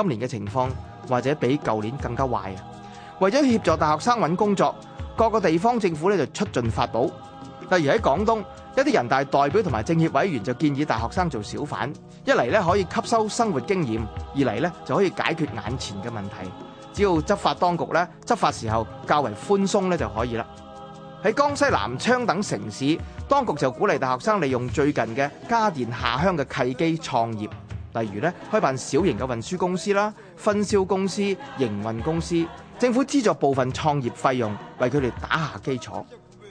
今年嘅情況或者比舊年更加壞啊！為咗協助大學生揾工作，各個地方政府咧就出盡法寶。例如喺廣東，一啲人大代表同埋政協委員就建議大學生做小販，一嚟咧可以吸收生活經驗，二嚟咧就可以解決眼前嘅問題。只要執法當局咧執法時候較為寬鬆咧就可以啦。喺江西南昌等城市，當局就鼓勵大學生利用最近嘅家電下鄉嘅契機創業。例如咧，開辦小型嘅運輸公司啦、分銷公司、營運公司，政府資助部分創業費用，為佢哋打下基礎。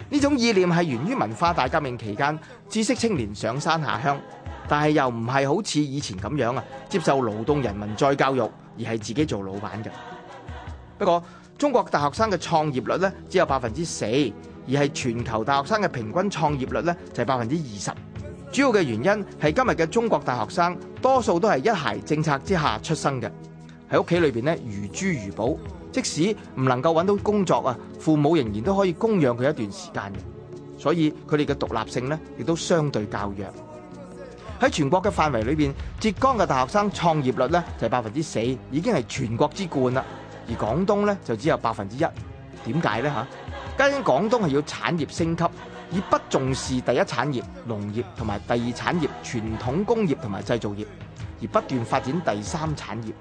呢種意念係源於文化大革命期間，知識青年上山下鄉，但係又唔係好似以前咁樣啊，接受勞動人民再教育，而係自己做老闆嘅。不過，中國大學生嘅創業率咧只有百分之四，而係全球大學生嘅平均創業率咧就係百分之二十。主要嘅原因係今日嘅中國大學生多數都係一孩政策之下出生嘅，喺屋企裏面咧，如珠如寶，即使唔能夠揾到工作啊，父母仍然都可以供養佢一段時間嘅，所以佢哋嘅獨立性咧亦都相對較弱。喺全國嘅範圍裏面，浙江嘅大學生創業率咧就係百分之四，已經係全國之冠啦。而廣東咧就只有百分之一，點解咧吓？跟廣東係要產業升級，而不重視第一產業、農業同埋第二產業傳統工業同埋製造業，而不斷發展第三產業。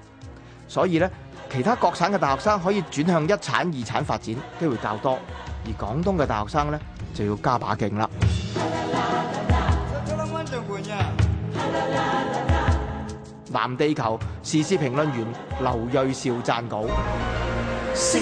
所以咧，其他國產嘅大學生可以轉向一產二產發展機會較多，而廣東嘅大學生咧就要加把勁啦。藍地球時事評論員劉銳紹撰稿。星